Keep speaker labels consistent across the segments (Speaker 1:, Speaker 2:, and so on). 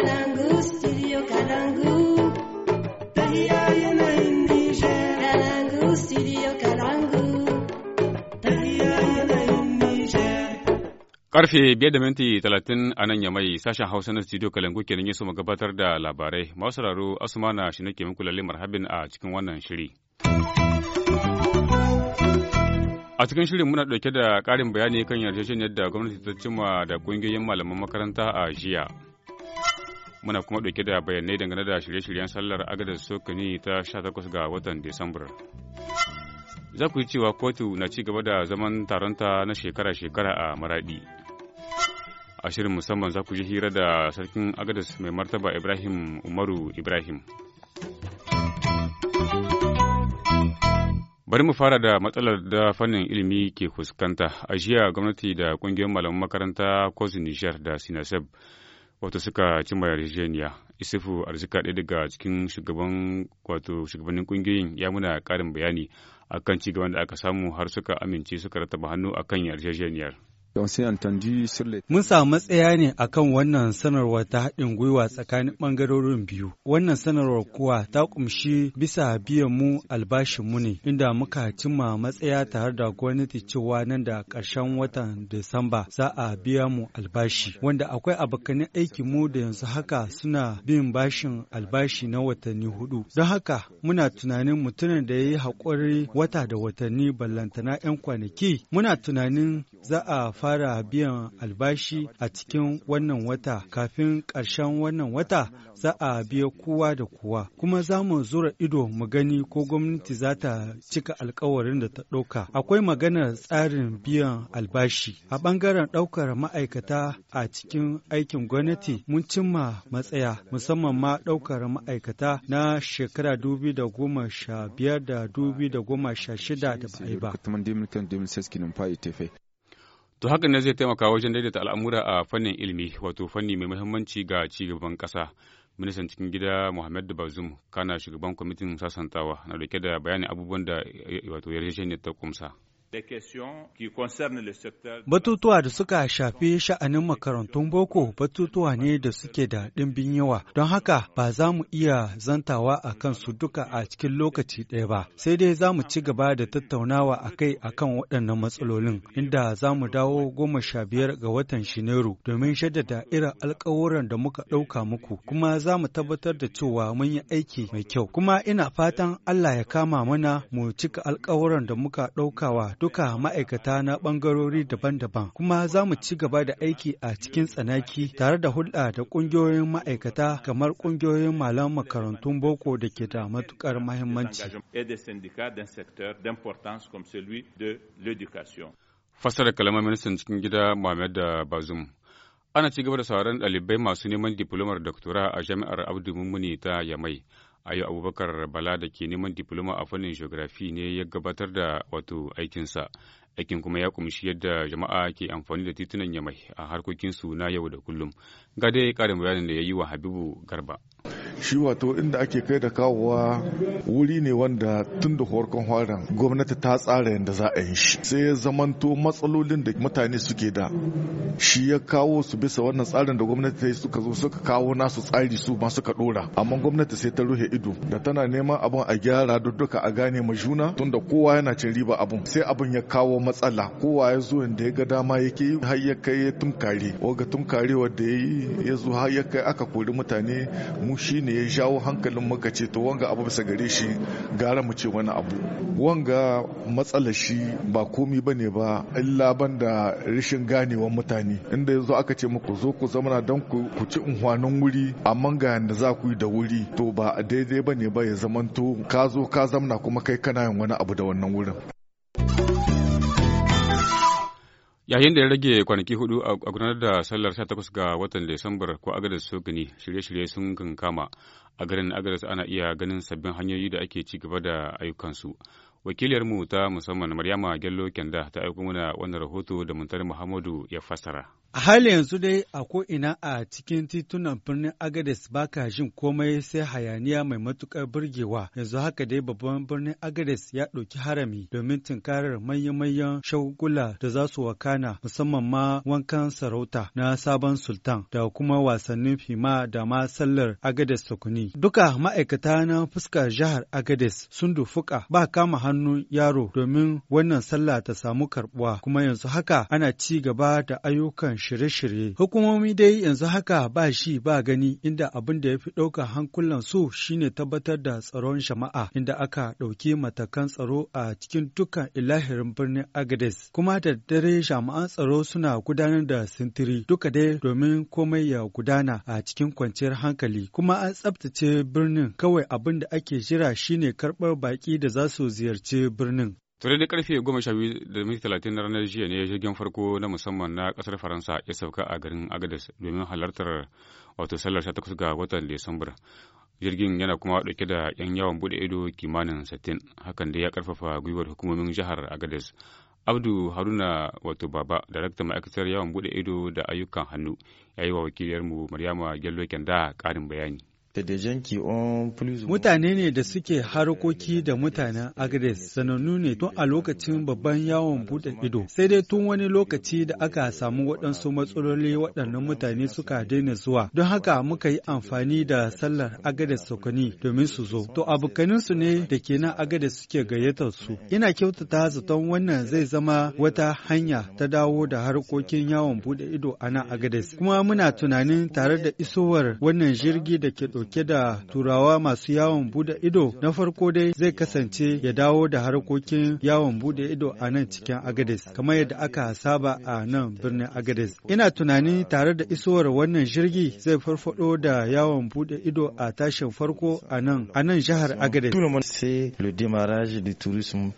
Speaker 1: biya
Speaker 2: Karfe biyar da minti talatin a nan ya mai sashen Hausa na studio Kalangu kenan ya soma magabatar da labarai. Masu raro Asumana shi nake muku lalle marhabin a cikin wannan shiri. A cikin shirin muna ɗauke da ƙarin bayani kan yarjejeniyar da gwamnati ta cimma da ƙungiyoyin malaman makaranta a jiya. muna kuma ɗauke da bayanai dangane da shirye-shiryen sallar agadar sokani ta sha 18 ga watan disambar za ku yi cewa kotu na ci gaba da zaman taronta na shekara-shekara a maraɗi. a shirin musamman za ku ji hira da sarkin agadas mai martaba ibrahim umaru ibrahim bari mu fara da matsalar da fannin ilimi ke fuskanta a jiya gwamnati da kungiyoyin malaman makaranta kwazu nijar da sinaseb wato suka cimma yarjejeniya isufu arzika ɗaya daga cikin shugaban wato shugabannin ƙungiyoyin ya muna ƙarin bayani akan cigaban da aka samu har suka amince suka rattaba hannu akan yarjejeniyar.
Speaker 1: Mun samu matsaya ne a kan wannan sanarwa ta haɗin gwiwa tsakanin ɓangarorin biyu. Wannan sanarwar kuwa ta ƙumshi bisa biyan mu albashinmu ne, inda muka cimma matsaya tare da gwamnati cewa nan da ƙarshen watan Disamba za a biya mu albashi, wanda akwai abokanin aiki mu da yanzu haka suna bin bashin albashi na watanni hudu. Don haka muna tunanin mutumin da ya yi haƙuri wata da watanni ballantana 'yan kwanaki, muna tunanin za a fara biyan albashi a cikin wannan wata kafin ƙarshen wannan wata za a biya kowa da kowa kuma za mu zura ido mu gani ko gwamnati za ta cika alkawarin da ta ɗauka akwai maganar tsarin biyan albashi a ɓangaren ɗaukar ma'aikata a cikin aikin gwamnati mun cimma matsaya musamman ma ɗaukar ma'aikata na shekara dubi da goma sha biyar da dubi da goma sha shida da ba
Speaker 2: To hakan ne zai taimaka wajen daidaita al'amura a fannin ilimi wato fanni mai muhimmanci ga ci gaban ƙasa. Ministan cikin gida Muhammad Bazum kana shugaban kwamitin sasantawa na dauke da bayanin abubuwan da eh, wato yarjejeniyar ta kumsa.
Speaker 1: Batutuwa da suka shafi sha'anin makarantun boko batutuwa ne da suke da ɗimbin yawa, don haka ba za mu iya zantawa a kansu duka a cikin lokaci ɗaya ba, sai dai za mu ci gaba da tattaunawa a kai a kan waɗannan matsalolin, inda za mu dawo goma sha biyar ga watan Shineru domin shaddada irin alkawuran da muka ɗauka muku, kuma za mu tabbatar da cewa mun yi aiki mai kyau. Kuma ina fatan Allah ya kama mana mu cika alkawuran da muka ɗaukawa duka ma'aikata na ɓangarori daban-daban kuma za mu ci gaba da aiki a cikin tsanaki tare da hulɗa da ƙungiyoyin ma'aikata kamar ƙungiyoyin malam makarantun boko da ke da matuƙar mahimmanci.
Speaker 2: fasara kalamar ministan cikin gida Mohamed Bazum. Ana ci gaba da sauran ɗalibai masu neman diplomar doktora a jami'ar Abdu Mummuni ta Yamai. a yau Abubakar Bala da ke neman diploma a fannin geography ne ya gabatar da wato aikinsa. Aikin kuma ya kumshi yadda jama'a ke amfani da titunan yamai a harkokinsu na yau da kullum. Ga dai ƙarin bayanin da ya yi wa Habibu Garba.
Speaker 3: shi wato inda ake kai da kawowa wuri ne wanda tun da horkon farin gwamnati ta tsara yadda za a yi shi sai ya zamanto matsalolin da mutane suke da shi ya kawo su bisa wannan tsarin da gwamnati ta yi suka zo suka kawo nasu tsari su ma suka dora amma gwamnati sai ta rufe ido da tana neman abin a gyara duka a gane ma juna tunda kowa yana cin riba abun sai abin ya kawo matsala kowa ya zo inda ya ga dama yake yi har ya kai ya tunkare tunkare ya yi ya zo har ya kai aka kori mutane mu shine ne ya jawo hankalin muka ce to wanga abu bisa gare shi gara mu ce wani abu wanga matsalar shi ba komi ba ne ba illa ban da rashin ganewar mutane inda yanzu aka ce muku zo ku zamana don ku ci unhwanin wuri amma ga yadda za ku yi da wuri to ba daidai ba ne ba ya zamanto ka zo ka zamana kuma kai kana yin wani abu da wannan wurin
Speaker 2: Yayin da ya rage kwanaki hudu a gudanar da sallar 18 ga watan Desambar ko agadar Sogini shirye-shirye sun kankama a garin agadar ana iya ganin sabbin hanyoyi da ake ci gaba da ayyukansu. wakiliyarmu ta musamman maryama gello kenda ta aiko mana wannan rahoto da muntar muhammadu ya fassara
Speaker 1: a hali yanzu dai a ko'ina a cikin titunan birnin agades baka jin komai sai hayaniya mai matukar burgewa yanzu haka dai babban birnin agades ya ɗauki harami domin tunkarar manya-manyan shagugula da za su wakana musamman ma wankan sarauta na sabon sultan da kuma wasannin fima da ma sallar agades sukuni duka ma'aikata na fuskar jihar agades sun dufuka ba kama hannun yaro domin wannan sallah ta samu karbuwa kuma yanzu haka ana ci gaba da ayyukan shirye-shirye. Hukumomi dai yanzu haka ba shi ba gani inda abin da ya fi ɗaukar hankulan su shine tabbatar da tsaron jama'a inda aka ɗauki matakan tsaro a cikin dukkan ilahirin birnin Agades. Kuma da dare jami'an tsaro suna gudanar da sintiri duka dai domin komai ya gudana a cikin kwanciyar hankali. Kuma an tsabtace birnin kawai abin da ake jira shine karɓar baƙi da za su ziyarci ce birnin.
Speaker 2: Tare da karfe goma sha biyu da minti talatin na ranar jiya ne jirgin farko na musamman na kasar Faransa ya sauka a garin Agadez domin halartar wato sallar sha takwas ga watan Desambar. jirgin yana kuma dauke da 'yan yawon bude ido kimanin 60 hakan da ya karfafa gwiwar hukumomin jihar agadez abdu haruna wato baba daraktan ma'aikatar yawon bude ido da ayyukan hannu ya yi wa wakiliyarmu maryama gello kenda karin bayani
Speaker 1: Mutane ne da suke harkoki da mutanen Agres sanannu ne tun a lokacin babban yawon bude ido. Sai dai tun wani lokaci da aka samu waɗansu matsaloli waɗannan mutane suka daina zuwa. Don haka muka yi amfani da sallar Agres Sokoni domin su zo. To abokaninsu ne da ke nan Agres suke gayyatar su. Ina kyautata zaton wannan zai zama wata hanya ta dawo da harkokin yawon bude ido a nan Agres. Kuma muna tunanin tare da isowar wannan jirgi da ke ɗauke da turawa masu yawon buɗe ido na farko dai zai kasance ya dawo da harkokin yawon buɗe ido a nan cikin Agades kamar yadda aka saba a nan birnin Agades. Ina tunani tare da isowar wannan jirgi zai farfado da yawon buɗe ido a tashin farko a nan a nan jihar Agades. le démarrage du tourisme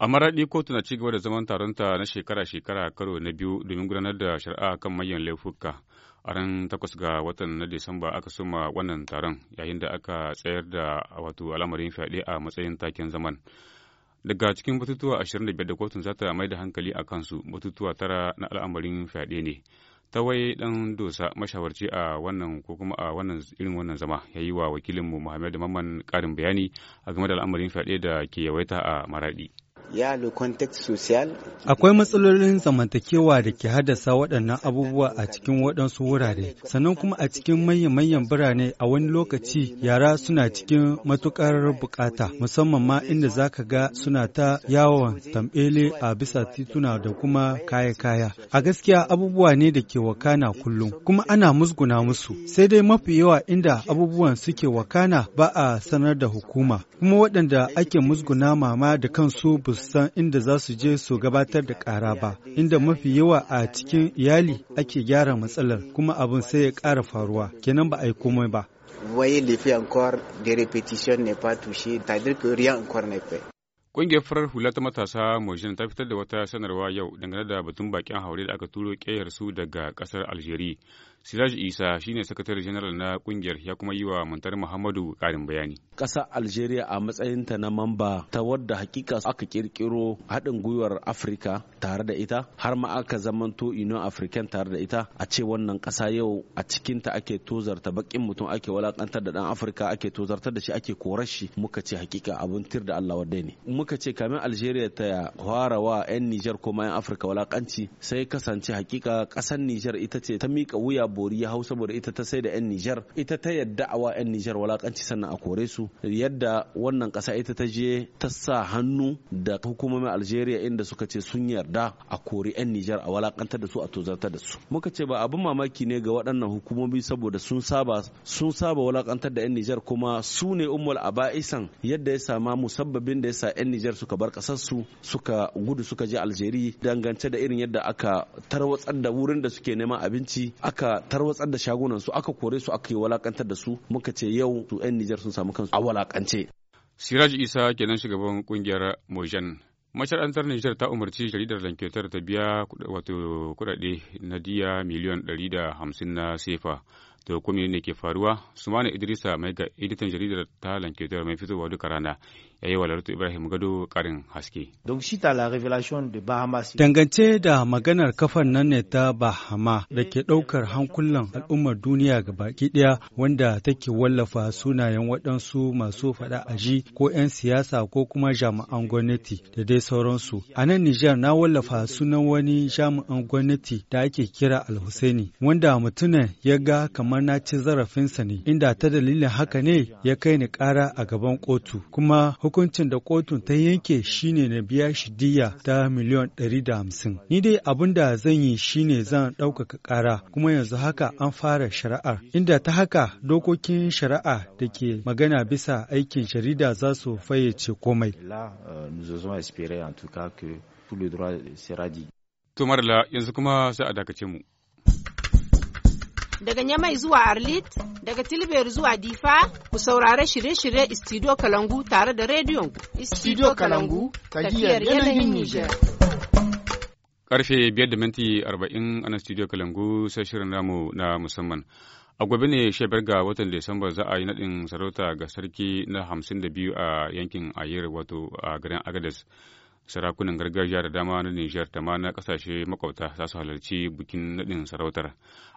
Speaker 2: A maraɗi kotu na cigaba da zaman taronta na shekara-shekara karo na biyu domin gudanar da shari'a kan manyan laifuka. A ran takwas ga watan na Disamba aka suma wannan taron yayin da aka tsayar da wato al'amarin fyaɗe a matsayin taken zaman. Daga cikin batutuwa ashirin da biyar da kotun za ta mai da hankali a kansu batutuwa tara na al'amarin fyaɗe ne. Tawai ɗan dosa mashawarci a wannan ko kuma a wannan irin wannan zama ya yi wa wakilinmu Muhammadu Mamman karin bayani a game da al'amarin fyaɗe da ke yawaita a maraɗi.
Speaker 1: Akwai matsalolin zamantakewa da ke haddasa waɗannan abubuwa a cikin waɗansu wurare, sannan kuma a cikin manyan-manyan birane a wani lokaci yara suna cikin matuƙar bukata, musamman ma inda za ka ga suna ta yawon tambele a bisa tituna da kuma kaya-kaya. A gaskiya abubuwa ne da ke wakana kullum, kuma ana musguna musu. Sai dai mafi yawa inda abubuwan suke wakana ba a sanar da hukuma, kuma waɗanda ake musguna mama da kansu ba san inda za su je su gabatar da ƙara ba, inda mafi yawa a cikin iyali ake gyara matsalar kuma abin sai ya ƙara faruwa, kenan ba
Speaker 4: a yi komai ba. Voyez
Speaker 2: Ƙungiyar farar hula ta matasa Mojin ta fitar da wata sanarwa yau dangane da batun bakin haure da aka turo ƙeyar su daga ƙasar Algeria. Siraj Isa shine sakatare general na kungiyar ya kuma yi wa Muntar Muhammadu karin bayani.
Speaker 4: Kasa Algeria a matsayin ta na mamba ta wadda hakika aka kirkiro haɗin gwiwar Afrika tare da ita har ma aka zamanto Union African tare da ita a ce wannan kasa yau a cikinta ake tozarta bakin mutum ake walakantar da ɗan Afrika ake tozartar da shi ake korar shi muka ce hakika abun tir da Allah wadai ne. Muka ce kamin Algeria ta fara wa 'yan Nijar ko ma 'yan Afirka walakanci sai kasance hakika kasar Nijar ita ce ta miƙa wuya bori ya hau saboda ita ta sai da 'yan Nijar ita ta yadda awa 'yan Nijar walakanci sannan a kore su yadda wannan kasa ita ta je ta sa hannu da hukumomin Algeria inda suka ce sun yarda a kori 'yan Nijar a walakantar da su a tozartar da su muka ce ba abin mamaki ne ga waɗannan hukumomi saboda sun saba sun saba walakantar da 'yan Nijar kuma su ne ummul aba'isan yadda ya sama musabbabin da ya sa 'yan Nijar suka bar ƙasar su suka gudu suka je Algeria dangance da irin yadda aka tarwatsar da wurin da suke neman abinci aka tarwatsar da shagunan su aka kore su aka yi walakantar da su muka ce yau su 'yan Nijar sun samu kansu a walakance.
Speaker 2: Siraj Isa kenan shugaban kungiyar Mojan. Masharantar Nijar ta umarci jaridar lanketar ta biya wato kudade na diya da 150 na sefa. To kuma ne ke faruwa? Sumana Idrisa mai ga editan jaridar ta lanketar mai fitowa duka rana ya yi wa Lartu Ibrahim Gado karin haske.
Speaker 1: Dangance da maganar kafan nan ne ta Bahama da ke ɗaukar hankulan al'ummar duniya ga baki ɗaya wanda take wallafa sunayen waɗansu masu faɗa a ji ko 'yan siyasa ko kuma jami'an gwamnati da dai sauransu. A nan Nijar na wallafa sunan wani jami'an gwamnati da ake kira Alhusaini wanda mutumin ya ga kamar na ci zarafinsa ne inda ta dalilin haka ne ya kai ni ƙara a gaban kotu kuma hukuncin da kotun ta yanke shine na biya shi diya ta miliyon hamsin Ni dai abin da zan yi shine zan ɗaukaka ƙara kuma yanzu haka an fara shari'ar. Inda ta haka dokokin shari'a da ke magana bisa aikin jarida za su fayyace komai.
Speaker 4: Euh,
Speaker 2: Tumar la yanzu kuma sai a dakace mu.
Speaker 1: daga Nyamai zuwa Arlit,
Speaker 4: daga Tilber zuwa Difa, ku saurare shirye-shirye Istidio Kalangu tare da rediyon Istidio Kalangu, tafiyar yanayin Nijar.
Speaker 2: Karfe 5 da minti 40 ana Studio Kalangu sai shirin ramu na musamman. A gobe ne shebar ga watan Disamba za a yi naɗin sarauta ga sarki na 52 a yankin Ayer wato a garin Agadez. sarakunan gargajiya da dama na Nijar ta mana na kasashe makwabta za su halarci bikin naɗin sarautar.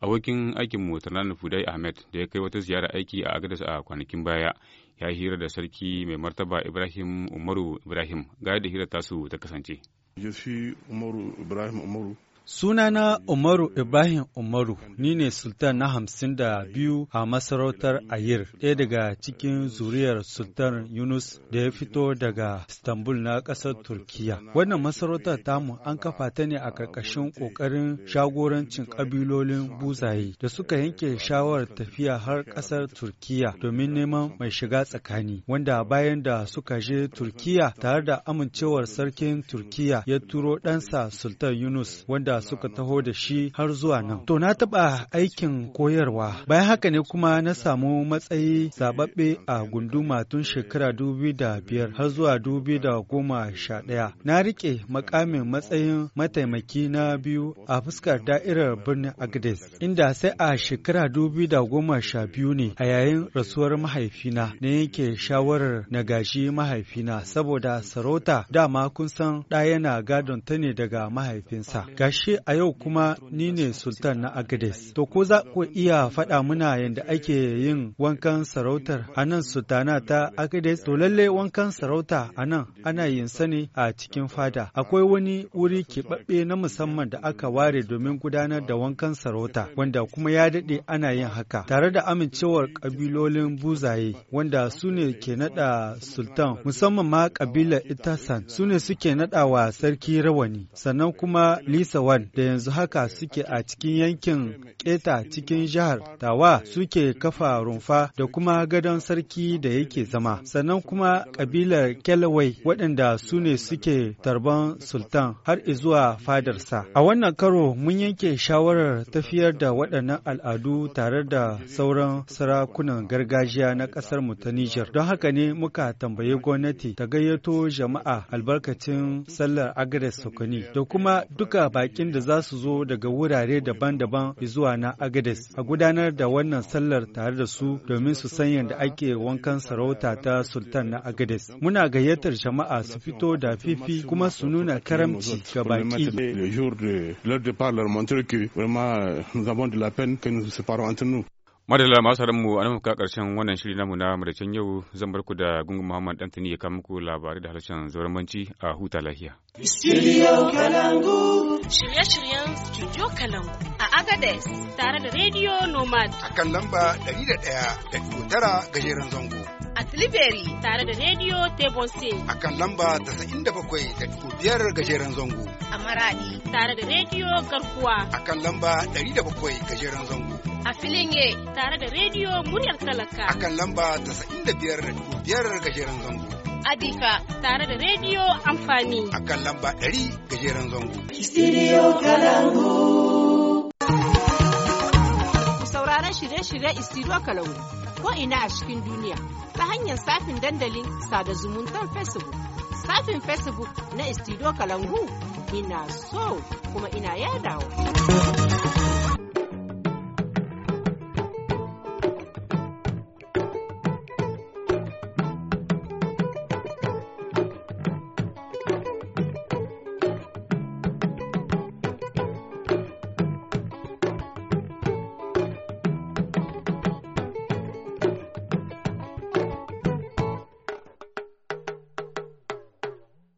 Speaker 2: Abokin aikin mu na Fudai Ahmed da ya kai wata ziyara aiki a agadis a kwanakin baya ya hira da sarki mai martaba Ibrahim Umaru Ibrahim ga da hira tasu ta kasance.
Speaker 3: Je Umaru Ibrahim Umaru
Speaker 1: Sunana Umaru Ibrahim Umaru, ni ne Sultan na hamsin da biyu a masarautar Ayir, ɗaya daga cikin zuriyar Sultan Yunus da ya fito daga Istanbul na ƙasar Turkiyya, Wannan masarautar tamu an kafa ta ne a ƙarƙashin ƙoƙarin shagorancin ƙabilolin buzaye da suka yanke shawarar tafiya har ƙasar Turkiyya domin neman mai shiga tsakani, wanda bayan da suka je Turkiyya tare da amincewar sarkin Turkiyya ya turo ɗansa Sultan Yunus wanda da suka taho da shi har zuwa nan. To na taɓa aikin koyarwa. Bayan haka ne kuma na samu matsayi zaɓaɓɓe a gunduma tun shekara dubi da biyar har zuwa dubi da goma sha ɗaya. Na riƙe makamin matsayin mataimaki na biyu a fuskar da'irar birnin agdes inda sai a shekara dubi da goma sha biyu ne a yayin rasuwar mahaifina na yanke shawarar na gashi mahaifina saboda sarauta dama kun san ɗa yana gadon ta ne daga mahaifinsa. Gashi ƙarshe a yau kuma ni ne Sultan na Agades. To ko za ku iya faɗa muna yadda ake yin wankan sarautar a nan Sultana ta Agades? To lalle wankan sarauta a nan ana yin sani a cikin fada. Akwai wani wuri keɓaɓɓe na musamman da aka ware domin gudanar da wankan sarauta wanda kuma ya daɗe ana yin haka tare da amincewar ƙabilolin buzaye wanda su ne ke naɗa sultan musamman ma ƙabilar Itasan su ne suke naɗa wa sarki rawani sannan kuma Lisa Taiwan da yanzu haka suke a cikin yankin Keta cikin jihar Tawa suke kafa rumfa da kuma gadon sarki da yake zama. Sannan kuma kabilar Kelwai waɗanda su ne suke tarban Sultan har izuwa fadarsa. A wannan karo mun yanke shawarar tafiyar da waɗannan al'adu tare da sauran sarakunan gargajiya na ƙasar mu ta Nijar. Don haka ne muka tambayi gwamnati ta gayyato jama'a albarkacin sallar Agres Sokoni da kuma duka bakin bakin da za su zo daga wurare daban-daban zuwa na Agades a gudanar da wannan sallar tare da su domin su san yadda ake wankan sarauta ta Sultan na Agades. Muna gayyatar jama'a su fito da fifi kuma su nuna karamci ga baki.
Speaker 2: madalla masu haɗin mu an muka ƙarshen wannan shiri namu na madacin yau zan barku da gungun muhammad tuni ya kama muku labarai da harshen zauranci a huta lahiya
Speaker 4: shirye-shiryen studio kalangu a agades tare da radio nomad a
Speaker 2: kan lamba 100.9 da tara gajeren zango
Speaker 1: a tilibiri tare da radio tebonse a kan lamba 97.5 da gajeren zango
Speaker 4: a maradi tare da radio garkuwa
Speaker 1: a kan lamba 107 gajeren zango
Speaker 4: a filin ye tare da rediyo muryar talaka a kan
Speaker 1: lamba da biyar gajeren zango Adifa tare da rediyo amfani
Speaker 2: a kan lamba 100 gajeren zango
Speaker 1: Studio Kalangu Sauraron shirye-shirye Studio Kalangu ko ina a cikin duniya ta hanyar safin dandalin sada zumuntar Facebook safin Facebook na Studio Kalangu ina so kuma ina
Speaker 3: yadawa.